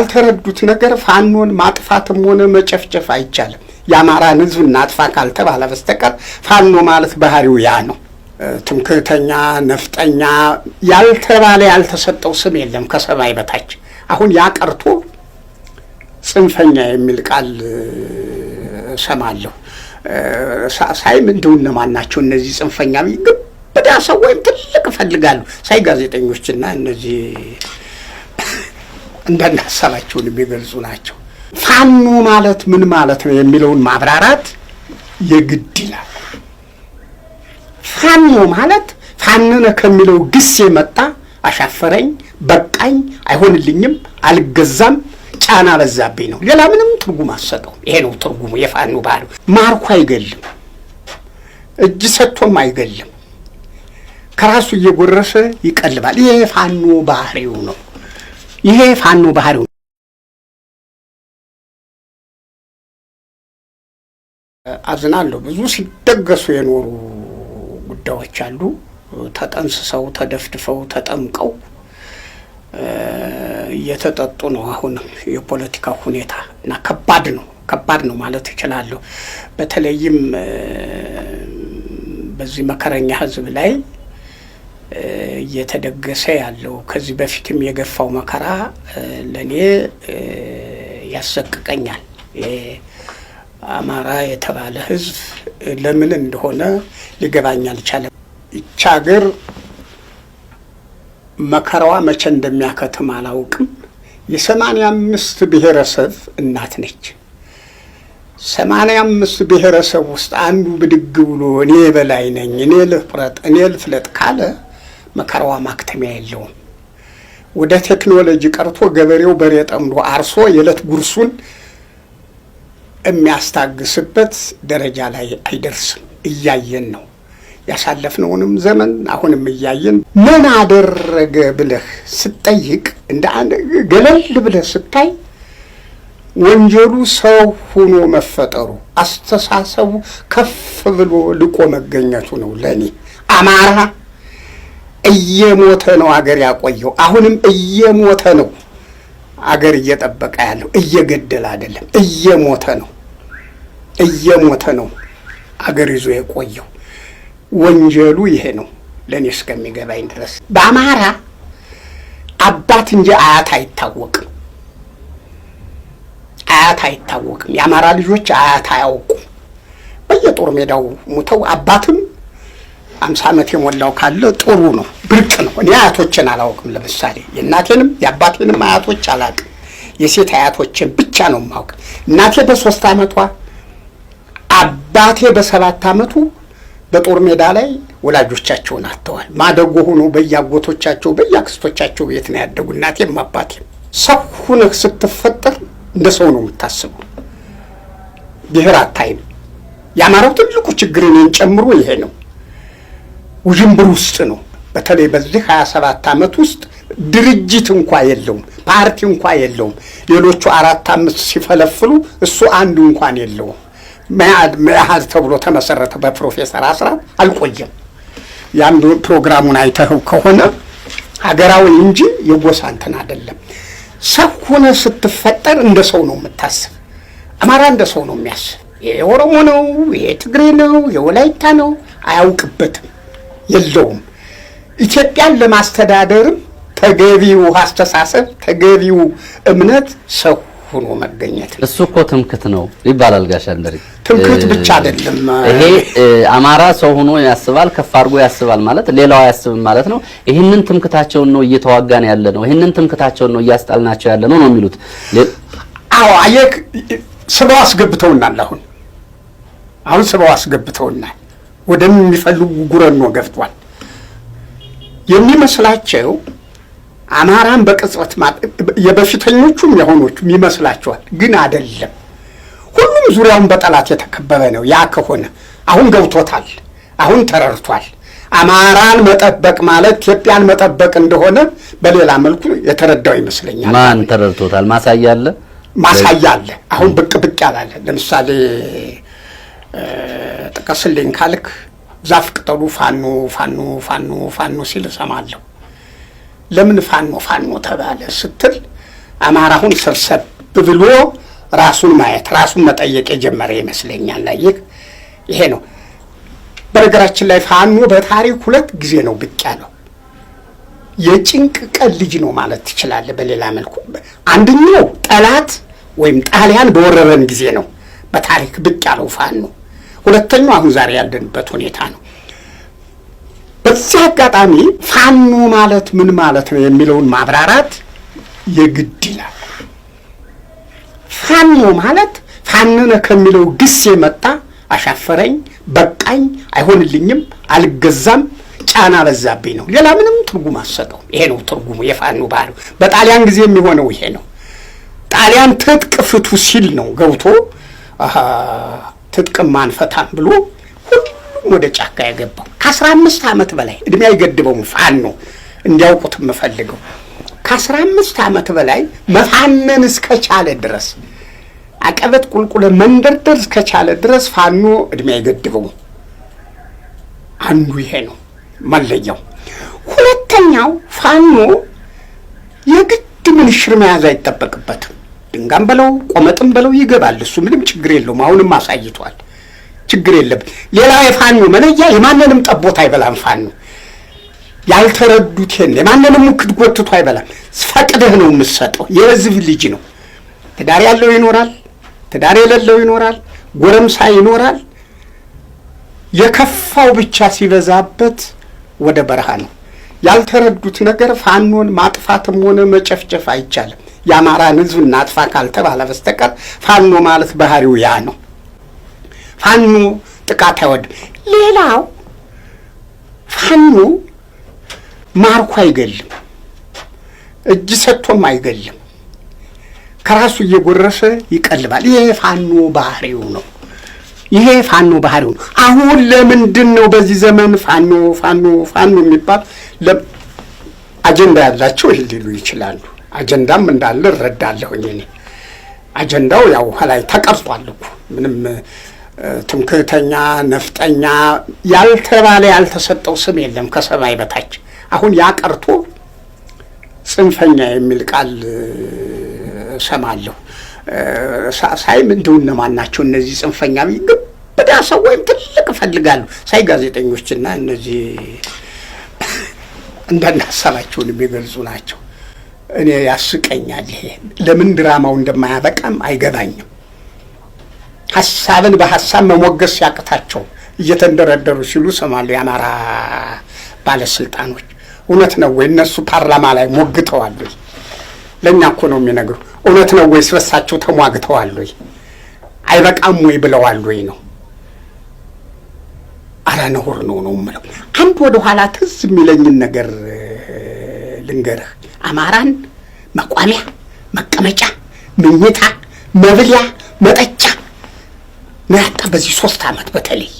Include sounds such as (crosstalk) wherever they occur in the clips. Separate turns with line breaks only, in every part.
ያልተረዱት ነገር ፋኖን ማጥፋትም ሆነ መጨፍጨፍ አይቻልም። የአማራን ህዝብ እናጥፋ ካልተባለ በስተቀር ፋኖ ማለት ባህሪው ያ ነው። ትምክህተኛ፣ ነፍጠኛ ያልተባለ ያልተሰጠው ስም የለም ከሰማይ በታች። አሁን ያ ቀርቶ ጽንፈኛ የሚል ቃል እሰማለሁ። ሳይም እንደው እነማን ናቸው እነዚህ ጽንፈኛ? ግብዳ ሰው ወይም ትልቅ እፈልጋለሁ ሳይ ጋዜጠኞችና እነዚህ አንዳንድ ሀሳባቸውን የሚገልጹ ናቸው። ፋኖ ማለት ምን ማለት ነው የሚለውን ማብራራት የግድ ይላል። ፋኖ ማለት ፋንነ ከሚለው ግስ የመጣ አሻፈረኝ፣ በቃኝ፣ አይሆንልኝም፣ አልገዛም፣ ጫና በዛብኝ ነው። ሌላ ምንም ትርጉም አሰጠውም። ይሄ ነው ትርጉሙ። የፋኖ ባህል ማርኮ አይገልም፣ እጅ ሰጥቶም አይገልም፣ ከራሱ እየጎረሰ ይቀልባል። ይሄ የፋኖ ባህሪው ነው። ይሄ ፋኖ ባህሪው አዝናለሁ። ብዙ ሲደገሱ የኖሩ ጉዳዮች አሉ። ተጠንስሰው፣ ተደፍድፈው፣ ተጠምቀው እየተጠጡ ነው። አሁን የፖለቲካ ሁኔታ እና ከባድ ነው፣ ከባድ ነው ማለት እችላለሁ። በተለይም በዚህ መከረኛ ህዝብ ላይ እየተደገሰ ያለው ከዚህ በፊትም የገፋው መከራ ለእኔ ያሰቅቀኛል። አማራ የተባለ ሕዝብ ለምን እንደሆነ ሊገባኝ አልቻለም። ይቺ ሀገር መከራዋ መቼ እንደሚያከትም አላውቅም። የሰማንያ አምስት ብሔረሰብ እናት ነች። ሰማንያ አምስት ብሔረሰብ ውስጥ አንዱ ብድግ ብሎ እኔ በላይ ነኝ፣ እኔ ልፍረጥ፣ እኔ ልፍለጥ ካለ መከራዋ ማክተሚያ የለውም። ወደ ቴክኖሎጂ ቀርቶ ገበሬው በሬ ጠምዶ አርሶ የዕለት ጉርሱን የሚያስታግስበት ደረጃ ላይ አይደርስም። እያየን ነው ያሳለፍነውንም ዘመን አሁንም እያየን ምን አደረገ ብለህ ስጠይቅ እንደ አንድ ገለል ብለህ ስታይ ወንጀሉ ሰው ሆኖ መፈጠሩ አስተሳሰቡ ከፍ ብሎ ልቆ መገኘቱ ነው ለእኔ አማራ እየሞተ ነው አገር ያቆየው። አሁንም እየሞተ ነው አገር እየጠበቀ ያለው። እየገደለ አይደለም፣ እየሞተ ነው። እየሞተ ነው አገር ይዞ የቆየው። ወንጀሉ ይሄ ነው ለእኔ እስከሚገባኝ ድረስ። በአማራ አባት እንጂ አያት አይታወቅም። አያት አይታወቅም። የአማራ ልጆች አያት አያውቁም። በየጦር ሜዳው ሙተው አባትም አምሳ ዓመት የሞላው ካለ ጥሩ ነው፣ ብርቅ ነው። እኔ አያቶችን አላውቅም። ለምሳሌ የእናቴንም የአባቴንም አያቶች አላውቅም። የሴት አያቶችን ብቻ ነው የማውቅ። እናቴ በሶስት ዓመቷ አባቴ በሰባት ዓመቱ በጦር ሜዳ ላይ ወላጆቻቸውን አጥተዋል። ማደጎ ሆኖ በየአጎቶቻቸው በየአክስቶቻቸው ቤት ነው ያደጉ። እናቴም አባቴም ሰው ሁነህ ስትፈጠር እንደ ሰው ነው የምታስበው። ብሔር አታይም። የአማራው ትልቁ ችግር እኔን ጨምሮ ይሄ ነው። ውዥንብር ውስጥ ነው። በተለይ በዚህ 27 ዓመት ውስጥ ድርጅት እንኳ የለውም፣ ፓርቲ እንኳ የለውም። ሌሎቹ አራት አምስት ሲፈለፍሉ እሱ አንዱ እንኳን የለውም። መያድ መያድ ተብሎ ተመሰረተ በፕሮፌሰር አስራት አልቆየም። ያም ፕሮግራሙን አይተኸው ከሆነ ሀገራዊ እንጂ የጎሳ እንትን አይደለም። ሰው ሆነ ስትፈጠር እንደ ሰው ነው የምታስብ። አማራ እንደ ሰው ነው የሚያስብ። የኦሮሞ ነው፣ የትግሬ ነው፣ የወላይታ ነው፣ አያውቅበትም። የለውም። ኢትዮጵያን ለማስተዳደርም ተገቢው አስተሳሰብ፣ ተገቢው እምነት ሰው ሆኖ መገኘት
እሱ እኮ ትምክት ነው ይባላል። ጋሽ አንደሪ
ትምክት ብቻ አይደለም።
ይሄ አማራ ሰው ሆኖ ያስባል፣ ከፍ አድርጎ ያስባል ማለት ሌላው አያስብም ማለት ነው። ይህንን ትምክታቸውን ነው እየተዋጋን ያለ ነው። ይህንን ትምክታቸውን ነው እያስጣልናቸው ያለ ነው ነው የሚሉት።
አዎ አየህ፣ ስበው አስገብተውናል። አሁን አሁን ስበው አስገብተውናል። ወደሚፈልጉ ጉረኖ ገብቷል። የሚመስላቸው አማራን በቅጽበት የበፊተኞቹም የሆኖቹም ይመስላቸዋል፣ ግን አይደለም። ሁሉም ዙሪያውን በጠላት የተከበበ ነው። ያ ከሆነ አሁን ገብቶታል፣ አሁን ተረድቷል። አማራን መጠበቅ ማለት ኢትዮጵያን መጠበቅ እንደሆነ በሌላ መልኩ የተረዳው ይመስለኛል።
ማን ተረድቶታል? ማሳያ አለ፣
ማሳያ አለ። አሁን ብቅ ብቅ ያላለ ለምሳሌ ጥቀስልኝ ካልክ ዛፍ ቅጠሉ ፋኖ ፋኖ ፋኖ ፋኖ ሲል እሰማለሁ። ለምን ፋኖ ፋኖ ተባለ ስትል አማራሁን ሰብሰብ ብሎ ራሱን ማየት ራሱን መጠየቅ የጀመረ ይመስለኛል። ላይህ ይሄ ነው። በነገራችን ላይ ፋኖ በታሪክ ሁለት ጊዜ ነው ብቅ ያለው። የጭንቅ ቀን ልጅ ነው ማለት ትችላለህ። በሌላ መልኩ አንደኛው ጠላት ወይም ጣሊያን በወረረን ጊዜ ነው በታሪክ ብቅ ያለው ፋኖ። ሁለተኛው አሁን ዛሬ ያለንበት ሁኔታ ነው። በዚህ አጋጣሚ ፋኖ ማለት ምን ማለት ነው የሚለውን ማብራራት የግድ ይላል። ፋኖ ማለት ፋንነ ከሚለው ግስ የመጣ አሻፈረኝ፣ በቃኝ፣ አይሆንልኝም፣ አልገዛም፣ ጫና በዛብኝ ነው። ሌላ ምንም ትርጉም አሰጠው። ይሄ ነው ትርጉሙ የፋኖ ባህል። በጣሊያን ጊዜ የሚሆነው ይሄ ነው። ጣሊያን ትጥቅ ፍቱ ሲል ነው ገብቶ ትጥቅም ማንፈታም ብሎ ሁሉም ወደ ጫካ ያገባው ከአስራ አምስት ዓመት በላይ እድሜ አይገድበውም። ፋኖ እንዲያውቁት የምፈልገው ከአስራ አምስት ዓመት በላይ መፋነን እስከቻለ ድረስ አቀበት ቁልቁለ መንደርደር እስከቻለ ድረስ ፋኖ እድሜ አይገድበውም። አንዱ ይሄ ነው መለያው። ሁለተኛው ፋኖ የግድ ምንሽር መያዝ አይጠበቅበትም። ድንጋም በለው ቆመጥም በለው ይገባል። እሱ ምንም ችግር የለውም። አሁንም አሳይቷል። ችግር የለም። ሌላ የፋኖ መለያ የማንንም ጠቦት አይበላም። ፋኖ ያልተረዱት ይሄን የማንንም ውክድ ጎትቶ አይበላም። ፈቅደህ ነው የምትሰጠው። የህዝብ ልጅ ነው። ትዳር ያለው ይኖራል፣ ትዳር የሌለው ይኖራል፣ ጎረምሳ ይኖራል። የከፋው ብቻ ሲበዛበት ወደ በረሃ ነው። ያልተረዱት ነገር ፋኖን ማጥፋትም ሆነ መጨፍጨፍ አይቻልም። የአማራን ህዝብ እናጥፋ ካልተባለ በስተቀር ፋኖ ማለት ባህሪው ያ ነው። ፋኖ ጥቃት አይወድም። ሌላው ፋኖ ማርኮ አይገልም፣ እጅ ሰጥቶም አይገልም። ከራሱ እየጎረሰ ይቀልባል። ይሄ ፋኖ ባህሪው ነው። ይሄ ፋኖ ባህሪው ነው። አሁን ለምንድን ነው በዚህ ዘመን ፋኖ ፋኖ ፋኖ የሚባል አጀንዳ ያላቸው ሊሉ ይችላሉ። አጀንዳም እንዳለ እረዳለሁኝ። እኔ አጀንዳው ያው ኋላይ ተቀርጧል እኮ ምንም ትምክህተኛ ነፍጠኛ ያልተባለ ያልተሰጠው ስም የለም ከሰማይ በታች። አሁን ያ ቀርቶ ጽንፈኛ የሚል ቃል እሰማለሁ ሳይም እንዲሁ እነማን ናቸው እነዚህ ጽንፈኛ ግብዳ ሰው ወይም ትልቅ እፈልጋለሁ ሳይ ጋዜጠኞችና እነዚህ (laughs) እንደናሰባቸውን የሚገልጹ ናቸው። እኔ ያስቀኛል። ይሄ ለምን ድራማው እንደማያበቃም አይገባኝም። ሀሳብን በሀሳብ መሞገስ ሲያቅታቸው እየተንደረደሩ ሲሉ ሰማሉ የአማራ ባለስልጣኖች። እውነት ነው ወይ? እነሱ ፓርላማ ላይ ሞግተዋል ወይ? ለእኛ እኮ ነው የሚነግሩ። እውነት ነው ወይ? ስበሳቸው ተሟግተዋል ወይ? አይበቃም ወይ ብለዋል ወይ ነው። አረ ነውር ነው ነው የምለው። አንድ ወደኋላ ትዝ የሚለኝን ነገር ልንገርህ። አማራን መቋሚያ፣ መቀመጫ፣ ምኝታ፣ መብያ፣ መጠጫ ምናጣ በዚህ ሶስት ዓመት በተለይ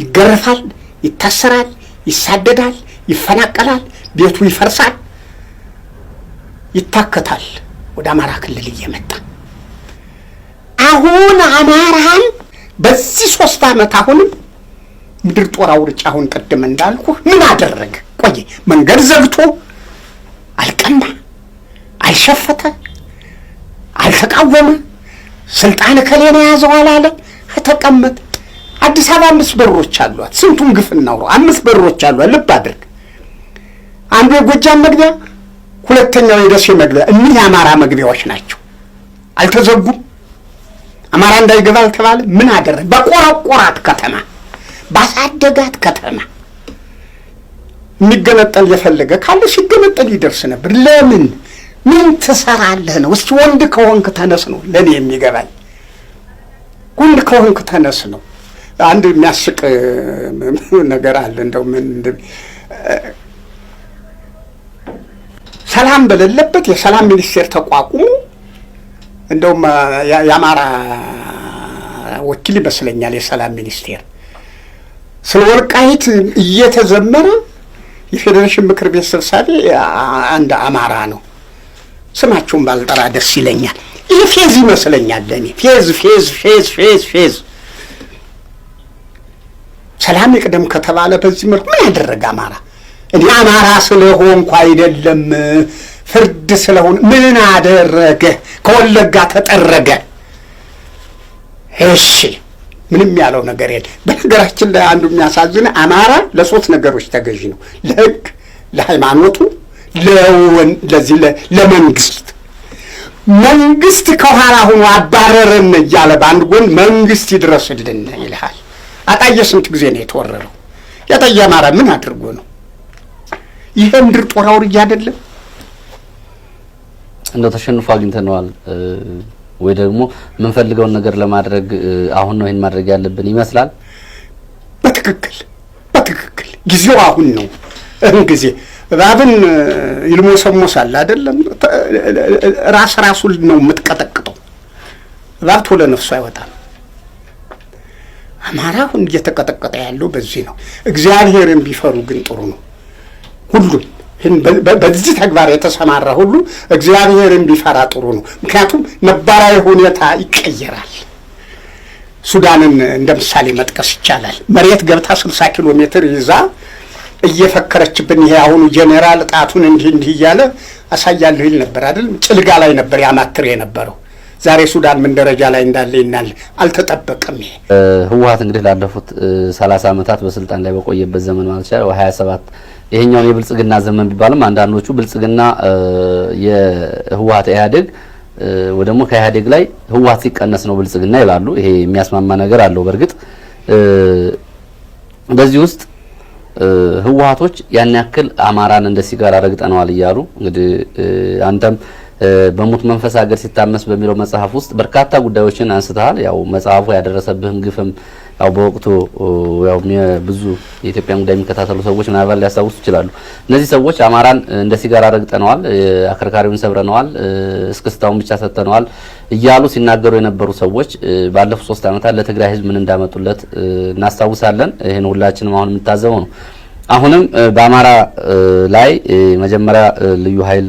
ይገረፋል፣ ይታሰራል፣ ይሳደዳል፣ ይፈናቀላል፣ ቤቱ ይፈርሳል፣ ይታከታል። ወደ አማራ ክልል እየመጣ አሁን አማራን በዚህ ሶስት ዓመት አሁንም ምድር ጦር አውርጭ አሁን ቅድም እንዳልኩ ምን አደረገ? ቆይ መንገድ ዘግቶ አልቀና፣ አልሸፈተ፣ አልተቃወመ። ስልጣን ከሌን የያዘው አላለ፣ ተቀመጠ። አዲስ አበባ አምስት በሮች አሏት። ስንቱን ግፍ እናውረው። አምስት በሮች አሏት። ልብ አድርግ። አንዱ የጎጃም መግቢያ፣ ሁለተኛው የደሴ መግቢያ። እኒህ የአማራ መግቢያዎች ናቸው። አልተዘጉም። አማራ እንዳይገባ አልተባለ። ምን አደረ? በቆረቆራት ከተማ፣ ባሳደጋት ከተማ የሚገነጠል የፈለገ ካለ ሲገነጠል ይደርስ ነበር። ለምን ምን ትሰራለህ ነው? እስኪ ወንድ ከሆንክ ተነስ ነው ለእኔ የሚገባኝ። ወንድ ከሆንክ ተነስ ነው። አንድ የሚያስቅ ነገር አለ። እንደው ምን ሰላም በሌለበት የሰላም ሚኒስቴር ተቋቁሞ እንደውም የአማራ ወኪል ይመስለኛል የሰላም ሚኒስቴር ስለ ወልቃይት እየተዘመረ የፌዴሬሽን ምክር ቤት ሰብሳቢ አንድ አማራ ነው። ስማቸውን ባልጠራ ደስ ይለኛል። ይህ ፌዝ ይመስለኛል ለእኔ ፌዝ ፌዝ ፌዝ ፌዝ ፌዝ ሰላም ይቅደም ከተባለ በዚህ መልኩ ምን ያደረገ አማራ? እኔ አማራ ስለሆንኩ አይደለም ፍርድ ስለሆን ምን አደረገ? ከወለጋ ተጠረገ። እሺ ምንም ያለው ነገር የለ። በነገራችን ላይ አንዱ የሚያሳዝነ አማራ ለሶስት ነገሮች ተገዥ ነው፣ ለህግ፣ ለሃይማኖቱ፣ ለዚህ ለመንግስት። መንግስት ከኋላ ሁኖ አባረረን እያለ በአንድ ጎን መንግስት ይድረስልን ይልሃል። አጣየ ስንት ጊዜ ነው የተወረረው? የአጣየ አማራ ምን አድርጎ ነው? ይህ ምድር ጦር አውርጃ አይደለም
እንደ ተሸንፎ አግኝተነዋል። ወይ ደግሞ የምንፈልገውን ነገር ለማድረግ አሁን ነው ይህን ማድረግ ያለብን ይመስላል።
በትክክል በትክክል ጊዜው አሁን ነው። እን ጊዜ እባብን ይልሞሰሞሳል አይደለም፣ ራስ ራሱን ነው የምትቀጠቅጠው። እባብ ቶሎ ነፍሱ አይወጣም። አማራ አሁን እየተቀጠቀጠ ያለው በዚህ ነው። እግዚአብሔርን ቢፈሩ ግን ጥሩ ነው ሁሉም በዚህ ተግባር የተሰማራ ሁሉ እግዚአብሔርን ቢፈራ ጥሩ ነው። ምክንያቱም ነባራዊ ሁኔታ ይቀየራል። ሱዳንን እንደ ምሳሌ መጥቀስ ይቻላል። መሬት ገብታ 60 ኪሎ ሜትር ይዛ እየፈከረችብን ይሄ አሁኑ ጄኔራል ጣቱን እንዲህ እንዲህ እያለ አሳያለሁ ይል ነበር አይደል? ጭልጋ ላይ ነበር ያማትር የነበረው። ዛሬ ሱዳን ምን ደረጃ ላይ እንዳለ ይናል አልተጠበቀም። ይሄ
ህወሀት እንግዲህ ላለፉት 30 ዓመታት በስልጣን ላይ በቆየበት ዘመን ማለት ይቻላል 27 ይሄኛው የብልጽግና ዘመን ቢባልም አንዳንዶቹ ብልጽግና የህወሀት ኢህአዴግ ወይ ደግሞ ከኢህአዴግ ላይ ህወሀት ሲቀነስ ነው ብልጽግና ይላሉ። ይሄ የሚያስማማ ነገር አለው። በእርግጥ በዚህ ውስጥ ህወሀቶች ያን ያክል አማራን እንደ ሲጋራ ረግጠነዋል እያሉ እንግዲህ አንተም በሙት መንፈስ ሀገር ሲታመስ በሚለው መጽሐፍ ውስጥ በርካታ ጉዳዮችን አንስተሃል። ያው መጽሐፉ ያደረሰብህን ግፍም ያው በወቅቱ ያው ብዙ የኢትዮጵያን ጉዳይ የሚከታተሉ ሰዎች ምናልባት ሊያስታውሱ ይችላሉ። እነዚህ ሰዎች አማራን እንደ ሲጋራ ረግጠነዋል፣ አከርካሪውን ሰብረነዋል፣ እስክስታውን ብቻ ሰጥተነዋል እያሉ ሲናገሩ የነበሩ ሰዎች ባለፉት ሶስት ዓመታት ለትግራይ ህዝብ ምን እንዳመጡለት እናስታውሳለን። ይህን ሁላችንም አሁን የምታዘበው ነው። አሁንም በአማራ ላይ መጀመሪያ ልዩ ኃይል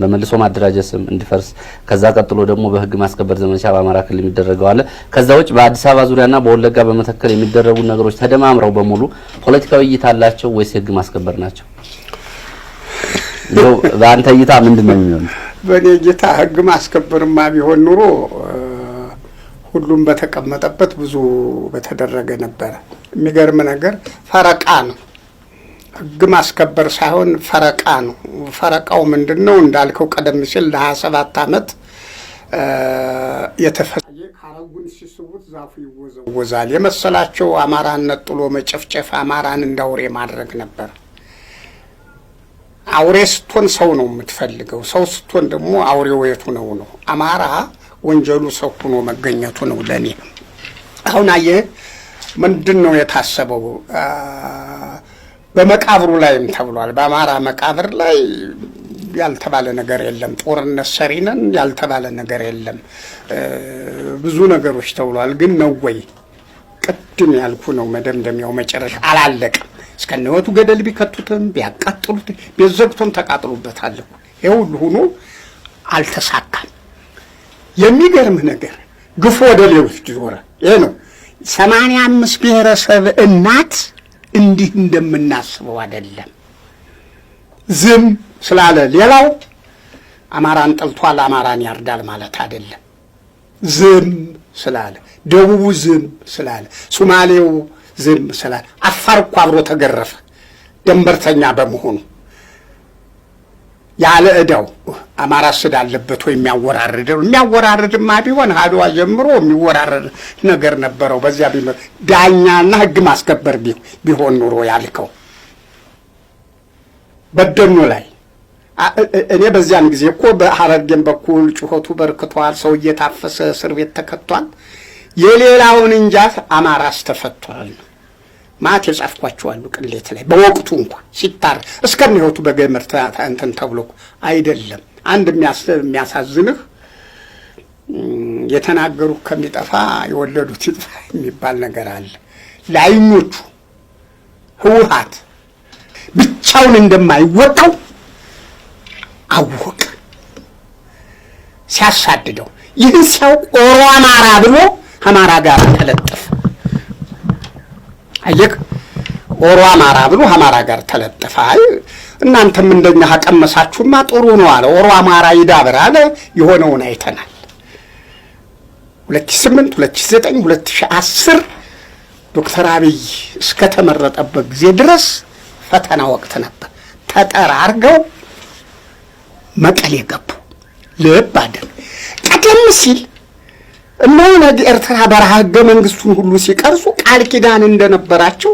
በመልሶ ማደራጀት ስም እንዲፈርስ ከዛ ቀጥሎ ደግሞ በህግ ማስከበር ዘመቻ በአማራ ክልል የሚደረገው አለ። ከዛ ውጭ በአዲስ አበባ ዙሪያና በወለጋ በመተከል የሚደረጉ ነገሮች ተደማምረው በሙሉ ፖለቲካዊ እይታ አላቸው ወይስ የህግ ማስከበር ናቸው? በአንተ እይታ ምንድን ነው የሚሆን?
በእኔ እይታ ህግ ማስከበርማ ቢሆን ኑሮ ሁሉም በተቀመጠበት ብዙ በተደረገ ነበረ። የሚገርም ነገር ፈረቃ ነው። ህግ ማስከበር ሳይሆን ፈረቃ ነው። ፈረቃው ምንድን ነው እንዳልከው ቀደም ሲል ለሀያ ሰባት ዓመት የተፈየ ካረጉን ሲስቡት ዛፉ ይወዘወዛል የመሰላቸው አማራን ነጥሎ መጨፍጨፍ፣ አማራን እንደ አውሬ ማድረግ ነበር። አውሬ ስትሆን ሰው ነው የምትፈልገው። ሰው ስትሆን ደግሞ አውሬው የቱ ነው ነው። አማራ ወንጀሉ ሰው ሆኖ መገኘቱ ነው ለእኔ አሁን አየህ ምንድን ነው የታሰበው? በመቃብሩ ላይም ተብሏል። በአማራ መቃብር ላይ ያልተባለ ነገር የለም። ጦርነት ሰሪነን ያልተባለ ነገር የለም። ብዙ ነገሮች ተብሏል። ግን ነው ወይ ቅድም ያልኩ ነው መደምደሚያው መጨረሻ አላለቅም። እስከነወቱ ገደል ቢከቱትም ቢያቃጥሉት ቢዘግቶም ዘግቶም ተቃጥሎበታል። ይህ ሁሉ ሆኖ አልተሳካም። የሚገርምህ ነገር ግፎ ወደ ሌሎች ዞረ። ይህ ነው ሰማንያ አምስት ብሔረሰብ እናት እንዲህ እንደምናስበው አይደለም። ዝም ስላለ ሌላው አማራን ጠልቷል፣ አማራን ያርዳል ማለት አይደለም። ዝም ስላለ ደቡቡ ዝም ስላለ ሱማሌው ዝም ስላለ አፋር እኮ አብሮ ተገረፈ ደንበርተኛ በመሆኑ ያለ እደው አማራ ስድ አለበት ወይ የሚያወራርደው የሚያወራርድማ ቢሆን አድዋ ጀምሮ የሚወራረድ ነገር ነበረው። በዚያ ዳኛና ህግ ማስከበር ቢሆን ኑሮ ያልከው በደኑ ላይ እኔ በዚያን ጊዜ እኮ በሐረርጌም በኩል ጩኸቱ በርክቷል። ሰው እየታፈሰ እስር ቤት ተከቷል። የሌላውን እንጃ አማራስ ተፈቷል። ማት የጻፍኳቸዋሉ ቅሌት ላይ በወቅቱ እንኳ ሲታር እስከሚወቱ በገመድ እንትን ተብሎ አይደለም። አንድ የሚያሳዝንህ የተናገሩ ከሚጠፋ የወለዱት ይጥፋ የሚባል ነገር አለ። ላይኞቹ ህወሓት ብቻውን እንደማይወጣው አወቅ ሲያሳድደው ይህን ሲያውቅ ኦሮ አማራ ብሎ አማራ ጋር ተለጠፈ። አየክ ኦሮ አማራ ብሎ አማራ ጋር ተለጠፈ። አይ እናንተም እንደኛ አቀመሳችሁማ ጥሩ ነው አለ። ኦሮ አማራ ይዳብር አለ። የሆነውን አይተናል። 2008 2009 2010 ዶክተር አብይ እስከተመረጠበት ጊዜ ድረስ ፈተና ወቅት ነበር። ተጠራርገው መቀሌ ገቡ። ልብ አድርግ። ቀደም ሲል እና ኤርትራ በረሃ ህገ መንግስቱን ሁሉ ሲቀርጹ ቃል ኪዳን እንደነበራቸው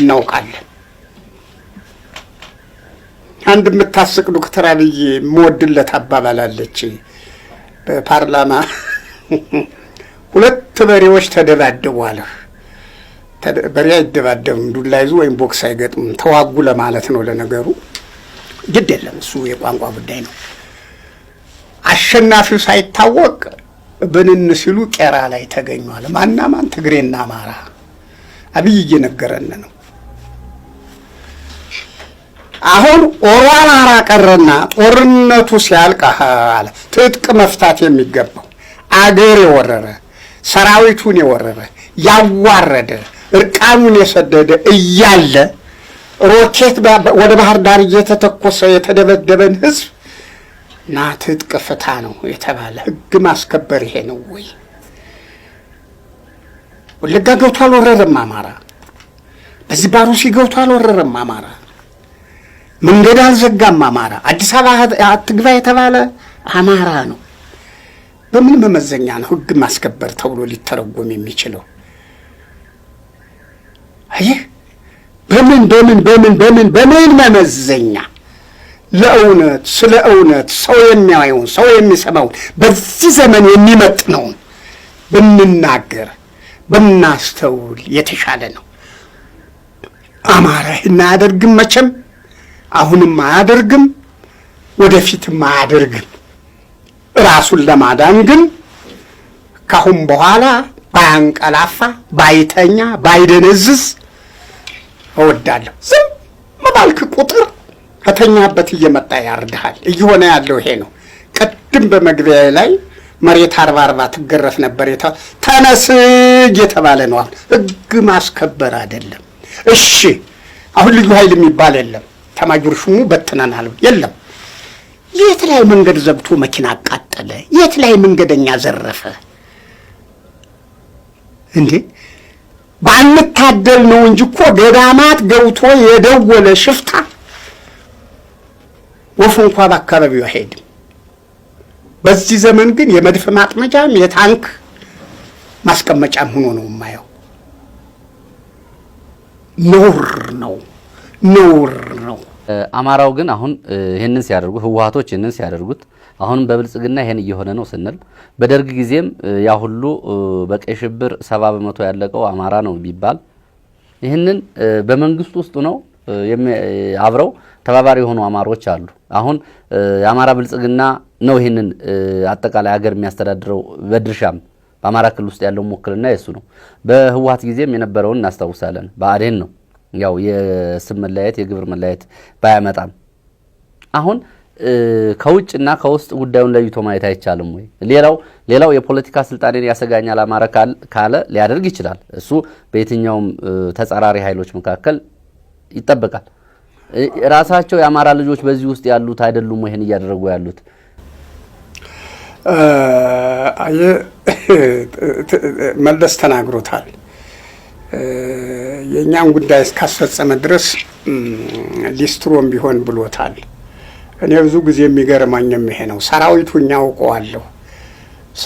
እናውቃለን። አንድ የምታስቅ ዶክተር አብይ የምወድለት አባባላለች በፓርላማ (laughs) ሁለት በሬዎች ተደባደቡ አለ። በሬ አይደባደብም፣ ዱላ ይዞ ወይም ቦክስ አይገጥምም፣ ተዋጉ ለማለት ነው። ለነገሩ ግድ የለም እሱ የቋንቋ ጉዳይ ነው። አሸናፊው ሳይታወቅ ብንን ሲሉ ቄራ ላይ ተገኟል። ማና ማን? ትግሬና አማራ። አብይ እየነገረን ነው። አሁን ኦሮ አማራ ቀረና ጦርነቱ ሲያልቅ አለ ትጥቅ መፍታት የሚገባው አገር የወረረ ሰራዊቱን የወረረ ያዋረደ እርቃኑን የሰደደ እያለ ሮኬት ወደ ባህር ዳር እየተተኮሰ የተደበደበን ህዝብ እና ትጥቅ ፍታ ነው የተባለ ህግ ማስከበር ይሄ ነው ወይ? ወለጋ ገብቶ አልወረረም አማራ። በዚህ ባሩሲ ገብቶ አልወረረም አማራ። መንገድ አልዘጋም አማራ። አዲስ አበባ አትግባ የተባለ አማራ ነው። በምን መመዘኛ ነው ህግ ማስከበር ተብሎ ሊተረጎም የሚችለው? አይህ በምን በምን በምን በምን በምን መመዘኛ ለእውነት ስለ እውነት ሰው የሚያየውን ሰው የሚሰማውን በዚህ ዘመን የሚመጥነውን ብንናገር ብናስተውል የተሻለ ነው። አማረህን አያደርግም መቼም፣ አሁንም አያደርግም፣ ወደፊትም አያደርግም። ራሱን ለማዳን ግን ካሁን በኋላ ባያንቀላፋ፣ ባይተኛ፣ ባይደነዝዝ እወዳለሁ። ዝም ባልክ ቁጥር ከተኛበት እየመጣ ያርድሃል። እየሆነ ያለው ይሄ ነው። ቅድም በመግቢያ ላይ መሬት አርባ አርባ ትገረፍ ነበር ተነስ እየተባለ ነው። አሁን ህግ ማስከበር አይደለም። እሺ አሁን ልዩ ኃይል የሚባል የለም። ተማጆር ሹሙ በትነናል የለም። የት ላይ መንገድ ዘግቶ መኪና አቃጠለ? የት ላይ መንገደኛ ዘረፈ? እንዴ ባንታደል ነው እንጂ እኮ ገዳማት ገብቶ የደወለ ሽፍታ ወፍ እንኳ በአካባቢው አይሄድም። በዚህ ዘመን ግን የመድፍ ማጥመጃም የታንክ ማስቀመጫም ሆኖ ነው የማየው። ነውር ነው፣ ነውር ነው።
አማራው ግን አሁን ይህንን ሲያደርጉ ህወሀቶች ይህንን ሲያደርጉት አሁንም በብልጽግና ይሄን እየሆነ ነው ስንል በደርግ ጊዜም ያ ሁሉ በቀይ ሽብር ሰባ በመቶ ያለቀው አማራ ነው ቢባል ይህንን በመንግስት ውስጥ ነው አብረው ተባባሪ የሆኑ አማሮች አሉ። አሁን የአማራ ብልጽግና ነው ይህንን አጠቃላይ ሀገር የሚያስተዳድረው በድርሻም በአማራ ክልል ውስጥ ያለው ውክልና የሱ ነው። በህወሀት ጊዜም የነበረውን እናስታውሳለን። በአዴን ነው ያው የስም መለያየት የግብር መለያየት ባያመጣም አሁን ከውጭና ከውስጥ ጉዳዩን ለይቶ ማየት አይቻልም ወይ? ሌላው ሌላው የፖለቲካ ስልጣኔን ያሰጋኛል አማራ ካለ ሊያደርግ ይችላል። እሱ በየትኛውም ተጻራሪ ኃይሎች መካከል ይጠበቃል። ራሳቸው የአማራ ልጆች በዚህ ውስጥ ያሉት አይደሉም ይሄን እያደረጉ ያሉት
አየ መለስ ተናግሮታል። የእኛን ጉዳይ እስካስፈጸመ ድረስ ሊስትሮም ቢሆን ብሎታል። እኔ ብዙ ጊዜ የሚገርማኝ ይሄ ነው። ሰራዊቱ እኛ አውቀዋለሁ።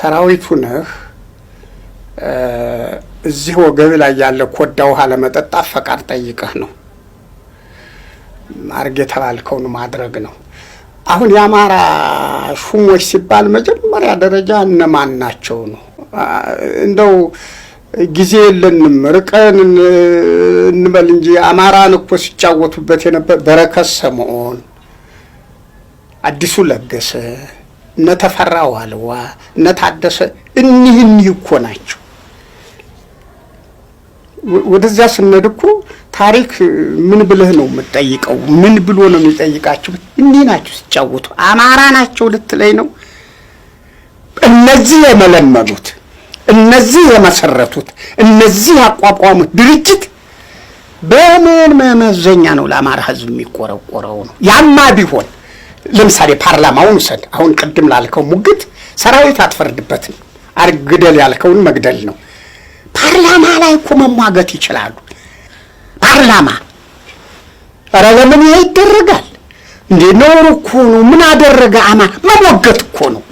ሰራዊቱ ነህ እዚህ ወገብ ላይ ያለ ኮዳ ውሃ ለመጠጣት ፈቃድ ጠይቀህ ነው ማድረግ የተባልከውን ማድረግ ነው። አሁን የአማራ ሹሞች ሲባል መጀመሪያ ደረጃ እነማን ናቸው ነው። እንደው ጊዜ የለንም ርቀን እንበል እንጂ አማራን እኮ ሲጫወቱበት የነበር በረከት ሰምዖን፣ አዲሱ ለገሰ፣ እነ ተፈራ ዋልዋ፣ እነ ታደሰ እኒህ እኒህ እኮ ናቸው። ወደዚያ ስነድ እኮ ታሪክ ምን ብለህ ነው የምትጠይቀው? ምን ብሎ ነው የሚጠይቃችሁ? እንዲህ ናቸው ሲጫወቱ፣ አማራ ናቸው ልትለይ ነው? እነዚህ የመለመዱት እነዚህ የመሰረቱት፣ እነዚህ ያቋቋሙት ድርጅት በምን መመዘኛ ነው ለአማራ ህዝብ የሚቆረቆረው? ነው ያማ ቢሆን ለምሳሌ ፓርላማውን ውሰድ። አሁን ቅድም ላልከው ሙግት ሰራዊት አትፈርድበትም። አርግደል ያልከውን መግደል ነው። ፓርላማ ላይ እኮ መሟገት ይችላሉ። ፓርላማ። ኧረ ለምን ይሄ ይደረጋል እንደ ነውር እኮ ነው። ምን አደረገ አማራ? መሞገት እኮ ነው።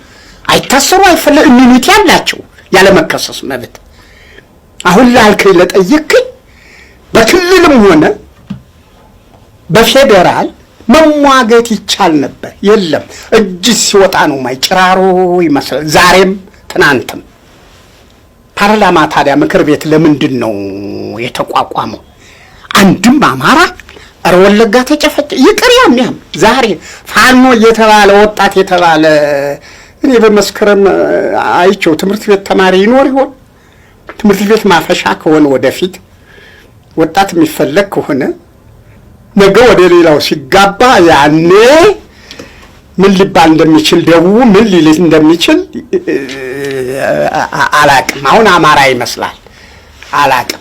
አይታሰሩ አይፈለ ኢሚኒቲ ያላቸው ያለመከሰስ መብት። አሁን ላልከኝ ለጠየቅኝ በክልልም ሆነ በፌዴራል መሟገት ይቻል ነበር። የለም እጅ ሲወጣ ነው ማይጭራሮ ጭራሮ ይመስላል። ዛሬም ትናንትም ፓርላማ ታዲያ ምክር ቤት ለምንድን ነው የተቋቋመው? አንድም አማራ ኧረ ወለጋ ተጨፈጨ ይቅር ያም ያም ዛሬ ፋኖ እየተባለ ወጣት የተባለ እኔ በመስከረም አይቼው ትምህርት ቤት ተማሪ ይኖር ይሆን? ትምህርት ቤት ማፈሻ ከሆነ ወደፊት ወጣት የሚፈለግ ከሆነ ነገ ወደ ሌላው ሲጋባ ያኔ ምን ሊባል እንደሚችል ደቡቡ ምን ሊል እንደሚችል አላቅም። አሁን አማራ ይመስላል አላቅም።